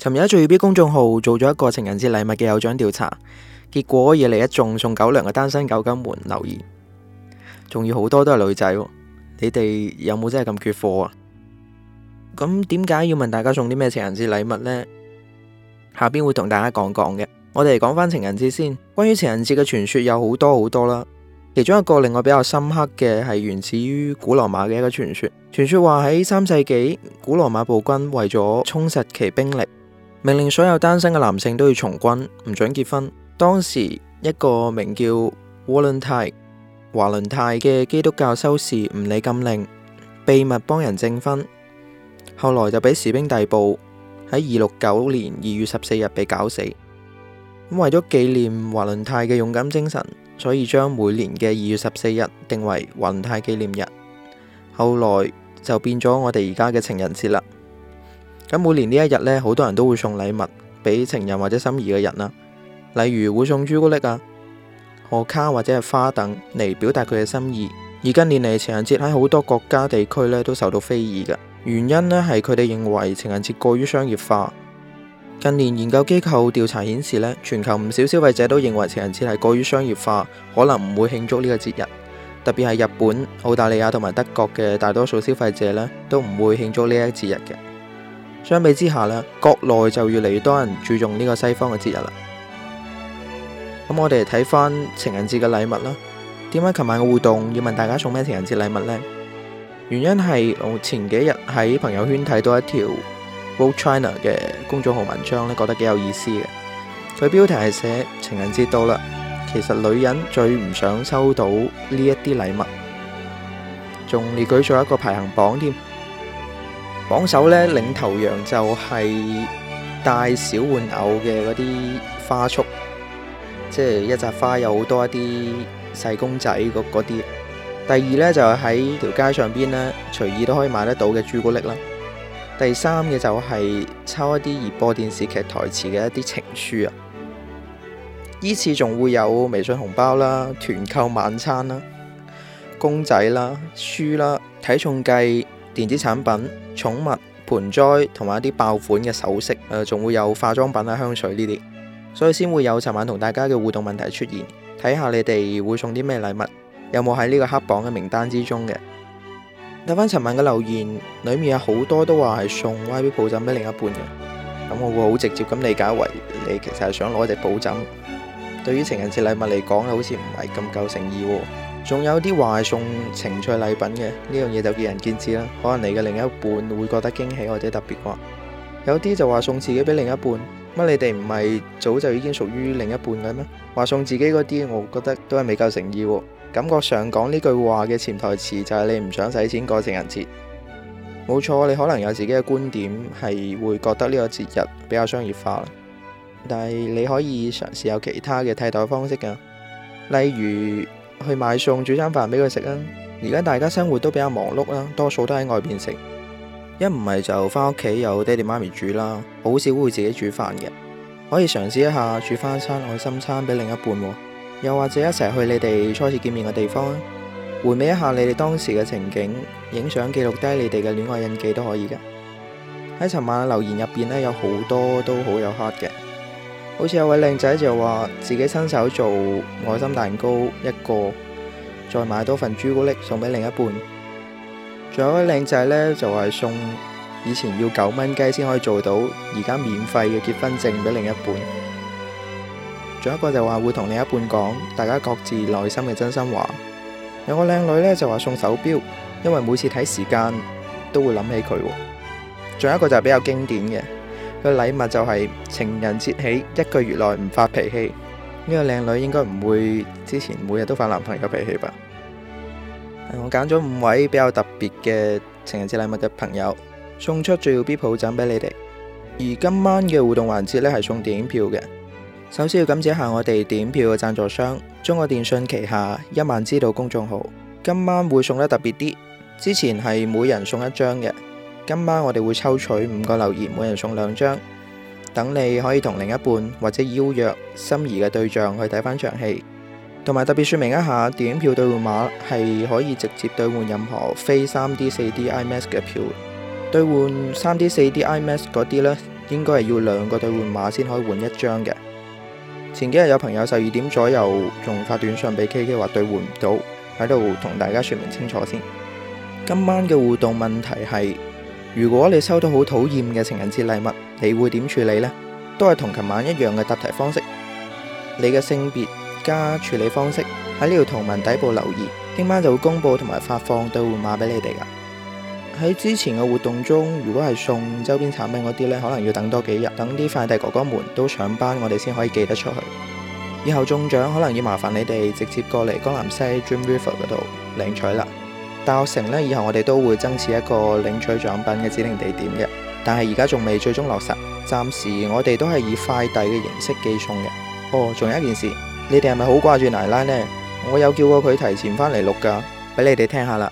尋日喺最耀 B 公眾號做咗一個情人節禮物嘅有獎調查，結果惹嚟一眾送狗糧嘅單身狗狗們留言，仲要好多都係女仔。你哋有冇真係咁缺貨啊？咁點解要問大家送啲咩情人節禮物呢？下邊會同大家講講嘅。我哋講翻情人節先，關於情人節嘅傳說有好多好多啦。其中一個令我比較深刻嘅係源自於古羅馬嘅一個傳說，傳說話喺三世紀，古羅馬暴君為咗充實其兵力。命令所有單身嘅男性都要從軍，唔准結婚。當時一個名叫華倫泰嘅基督教修士唔理禁令，秘密幫人證婚，後來就俾士兵逮捕，喺二六九年二月十四日被絞死。咁為咗紀念華倫泰嘅勇敢精神，所以將每年嘅二月十四日定為華倫泰紀念日，後來就變咗我哋而家嘅情人節啦。咁每年呢一日呢，好多人都會送禮物俾情人或者心儀嘅人啦，例如會送朱古力啊、賀卡或者係花等嚟表達佢嘅心意。而近年嚟，情人節喺好多國家地區呢都受到非議嘅原因呢係佢哋認為情人節過於商業化。近年研究機構調查顯示呢，全球唔少消費者都認為情人節係過於商業化，可能唔會慶祝呢個節日。特別係日本、澳大利亞同埋德國嘅大多數消費者呢，都唔會慶祝呢一節日嘅。相比之下咧，國內就越嚟越多人注重呢個西方嘅節日啦。咁我哋睇翻情人節嘅禮物啦。點解琴晚嘅互動要問大家送咩情人節禮物呢？原因係我前幾日喺朋友圈睇到一條 World China 嘅公眾號文章咧，覺得幾有意思嘅。佢標題係寫情人節到啦，其實女人最唔想收到呢一啲禮物，仲列舉咗一個排行榜添。榜首呢，領頭羊就係帶小玩偶嘅嗰啲花束，即係一紮花有好多一啲細公仔嗰啲。第二呢，就係喺條街上邊呢，隨意都可以買得到嘅朱古力啦。第三嘅就係抄一啲熱播電視劇台詞嘅一啲情書啊。依次仲會有微信紅包啦、團購晚餐啦、公仔啦、書啦、體重計。電子產品、寵物、盆栽，同埋一啲爆款嘅首飾，誒、呃，仲會有化妝品啊、香水呢啲，所以先會有尋晚同大家嘅互動問題出現，睇下你哋會送啲咩禮物，有冇喺呢個黑榜嘅名單之中嘅？睇翻尋晚嘅留言，裏面有好多都話係送 YB 抱枕俾另一半嘅，咁我會好直接咁理解為你其實係想攞隻抱枕，對於情人節禮物嚟講，好似唔係咁夠誠意喎。仲有啲話係送情趣禮品嘅，呢樣嘢就見仁見智啦，可能你嘅另一半會覺得驚喜或者特別啩。有啲就話送自己俾另一半，乜你哋唔係早就已經屬於另一半嘅咩？話送自己嗰啲，我覺得都係未夠誠意，感覺上講呢句話嘅潛台詞就係你唔想使錢過情人節。冇錯，你可能有自己嘅觀點係會覺得呢個節日比較商業化，但係你可以嘗試有其他嘅替代方式噶，例如。去買餸煮餐飯俾佢食啊！而家大家生活都比較忙碌啦，多數都喺外面食，一唔係就翻屋企有爹哋媽咪煮啦，好少會自己煮飯嘅。可以嘗試一下煮翻餐愛心餐俾另一半喎，又或者一齊去你哋初次見面嘅地方啊，回味一下你哋當時嘅情景，影相記錄低你哋嘅戀愛印記都可以嘅。喺尋晚留言入面呢，有好多都好有 heart 嘅。好似有位靚仔就話自己親手做愛心蛋糕一個，再買多份朱古力送俾另一半。仲有一位靚仔呢，就話送以前要九蚊雞先可以做到，而家免費嘅結婚證俾另一半。仲有一個就話會同另一半講大家各自內心嘅真心話。有個靚女呢，就話送手錶，因為每次睇時間都會諗起佢。仲有一個就係比較經典嘅。個禮物就係情人節起一個月內唔發脾氣，呢個靚女應該唔會之前每日都發男朋友脾氣吧？我揀咗五位比較特別嘅情人節禮物嘅朋友，送出最耀 B 抱枕俾你哋。而今晚嘅互動環節呢係送電影票嘅，首先要感謝一下我哋電影票嘅贊助商中國電信旗下一萬知道公眾號，今晚會送得特別啲，之前係每人送一張嘅。今晚我哋會抽取五個留言，每人送兩張。等你可以同另一半或者邀約心儀嘅對象去睇返場戲。同埋特別說明一下，電影票兌換碼係可以直接兌換任何非 3D、4D、IMAX 嘅票。兌換 3D、4D、IMAX 嗰啲呢，應該係要兩個兌換碼先可以換一張嘅。前幾日有朋友十二點左右仲發短信俾 KK 話，兌換唔到，喺度同大家說明清楚先。今晚嘅互動問題係。如果你收到好討厭嘅情人節禮物，你會點處理呢？都係同琴晚一樣嘅答題方式，你嘅性別加處理方式喺呢條圖文底部留言，聽晚就會公布同埋發放兌換碼俾你哋噶。喺之前嘅活動中，如果係送周邊產品嗰啲呢，可能要等多幾日，等啲快遞哥哥們都上班，我哋先可以寄得出去。以後中獎可能要麻煩你哋直接過嚟江南西 Dream River 度領取啦。大學城呢，以後我哋都會增設一個領取獎品嘅指定地點嘅，但係而家仲未最終落實，暫時我哋都係以快遞嘅形式寄送嘅。哦，仲有一件事，你哋係咪好掛住奶奶呢？我有叫過佢提前返嚟錄噶，俾你哋聽一下啦。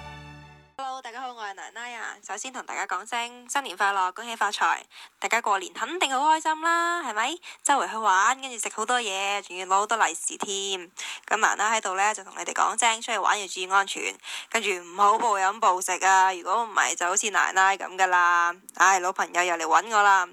先同大家講聲新年快樂，恭喜發財！大家過年肯定好開心啦，係咪？周圍去玩，跟住食好多嘢，仲要攞好多利是添。咁奶奶喺度呢，就同你哋講聲，出去玩要注意安全，跟住唔好暴飲暴食啊！如果唔係，就好似奶奶咁噶啦。唉、哎，老朋友又嚟搵我啦。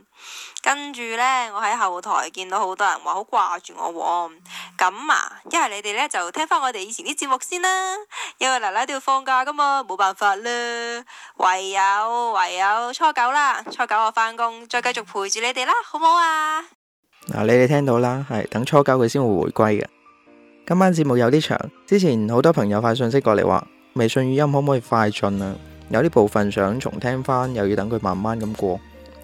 跟住呢，我喺後台見到好多人話好掛住我，咁啊，一係、啊、你哋呢，就聽返我哋以前啲節目先啦。因為奶奶都要放假噶嘛，冇辦法啦。喂呀、啊！有唯有初九啦，初九我返工，再繼續陪住你哋啦，好唔好啊？嗱、啊，你哋聽到啦，係等初九佢先會回歸嘅。今晚節目有啲長，之前好多朋友發信息過嚟話，微信語音可唔可以快進啊？有啲部分想重聽翻，又要等佢慢慢咁過，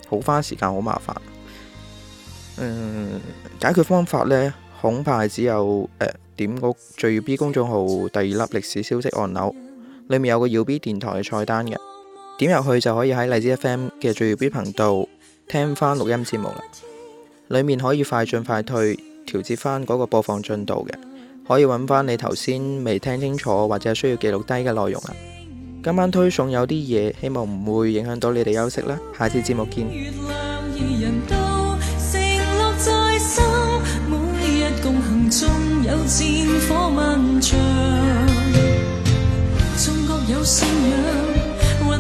好花時間，好麻煩。嗯，解決方法呢，恐怕只有誒、呃、點個聚 B 公眾號第二粒歷史消息按鈕，裏面有個 U B 電台嘅菜單嘅。點入去就可以喺荔枝 FM 嘅最耀 B 頻道聽翻錄音節目啦，裏面可以快進快退，調節翻嗰個播放進度嘅，可以揾翻你頭先未聽清楚或者需要記錄低嘅內容啦。今晚推送有啲嘢，希望唔會影響到你哋休息啦。下次節目見。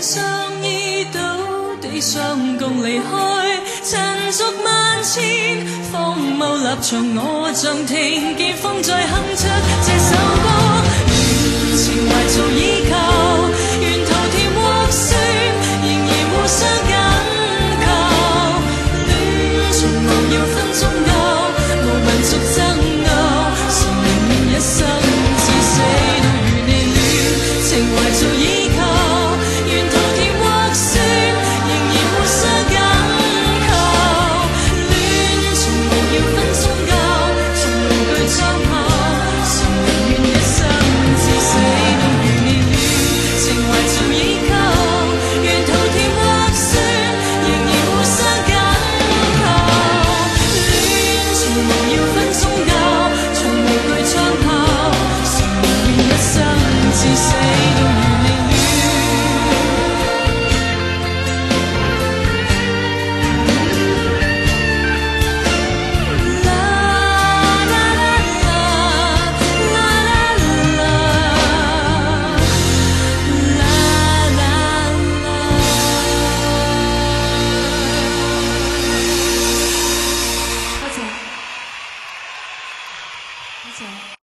相依到底，相共離開，塵俗萬千，荒謬立場。我像聽見風在哼出這首歌，用情懷做依靠。